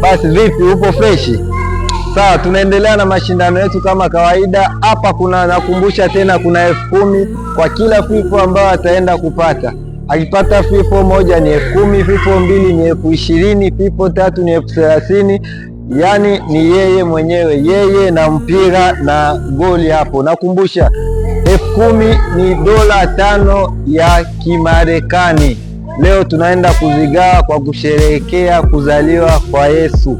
Basi vipi, upo freshi? Sawa, tunaendelea na mashindano yetu kama kawaida. Hapa kuna nakumbusha tena, kuna elfu kumi kwa kila fifo ambayo ataenda kupata. Akipata fifo moja ni elfu kumi, fifo mbili ni elfu ishirini, fifo tatu ni elfu thelathini. Yaani ni yeye mwenyewe, yeye na mpira na goli hapo. Nakumbusha elfu kumi ni dola tano ya Kimarekani. Leo tunaenda kuzigaa kwa kusherehekea kuzaliwa kwa Yesu.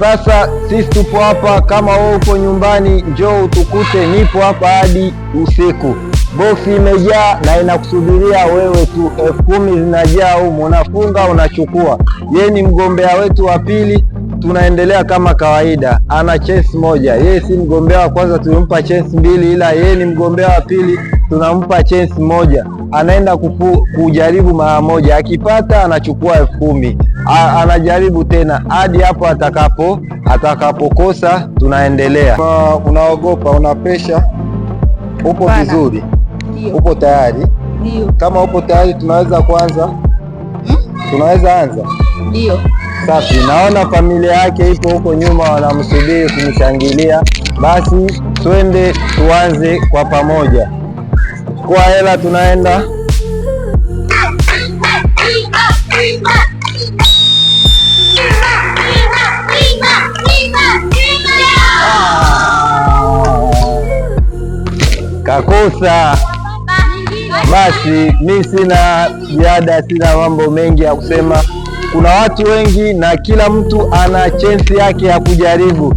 Sasa sisi tupo hapa, kama wewe uko nyumbani, njoo utukute, nipo hapa hadi usiku. Boksi imejaa na inakusubiria wewe tu. elfu kumi zinajaa humu, unafunga unachukua. Yeye ni mgombea wetu wa pili, tunaendelea kama kawaida, ana chance moja. Yeye si mgombea wa kwanza, tulimpa chance mbili, ila yeye ni mgombea wa pili tunampa chance moja, anaenda kufu, kujaribu mara moja, akipata anachukua elfu kumi anajaribu tena hadi hapo atakapo atakapokosa, tunaendelea. Unaogopa? Una pesha? Upo vizuri? Upo tayari? Dio. Kama upo tayari, tunaweza kuanza hmm? Tunaweza anza. Ndio. Safi, naona familia yake ipo huko nyuma wanamsubiri kumshangilia. Basi twende tuanze kwa pamoja kwa hela tunaenda kakosa. Basi mi sina ziada, sina mambo mengi ya kusema. Kuna watu wengi na kila mtu ana chensi yake ya kujaribu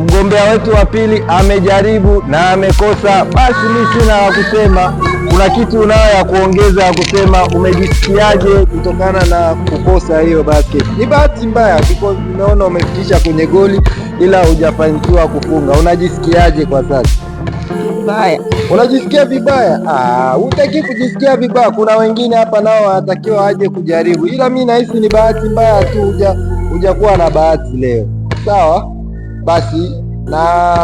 mgombea wetu wa pili amejaribu na amekosa. Basi mi sina ya kusema. Kuna kitu unayo ya kuongeza ya kusema, umejisikiaje kutokana na kukosa hiyo basket? Ni bahati mbaya, because nimeona umefikisha kwenye goli ila hujafanikiwa kufunga. Unajisikiaje kwa sasa? Vibaya. Unajisikia vibaya? Ah, utaki kujisikia vibaya. Kuna wengine hapa nao wanatakiwa waje kujaribu, ila mi nahisi ni bahati mbaya tu, hujakuwa na bahati leo. Sawa. Basi na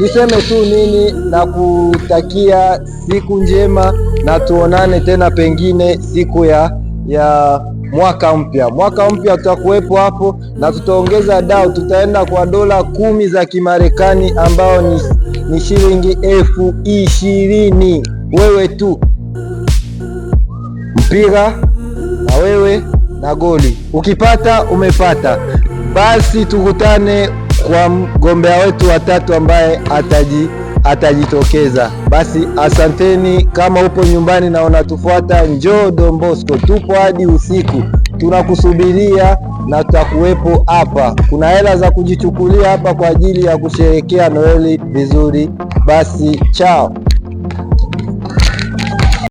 niseme tu nini, na kutakia siku njema na tuonane tena pengine siku ya ya mwaka mpya. Mwaka mpya tutakuwepo hapo na tutaongeza dao, tutaenda kwa dola kumi za Kimarekani ambao ni, ni shilingi elfu ishirini. Wewe tu mpira na wewe na goli, ukipata umepata. Basi tukutane kwa mgombea wetu watatu ambaye ataji atajitokeza. Basi asanteni. Kama upo nyumbani na unatufuata, njoo Don Bosco, tupo hadi usiku, tunakusubiria na tutakuwepo hapa. Kuna hela za kujichukulia hapa kwa ajili ya kusherekea Noeli vizuri. Basi chao.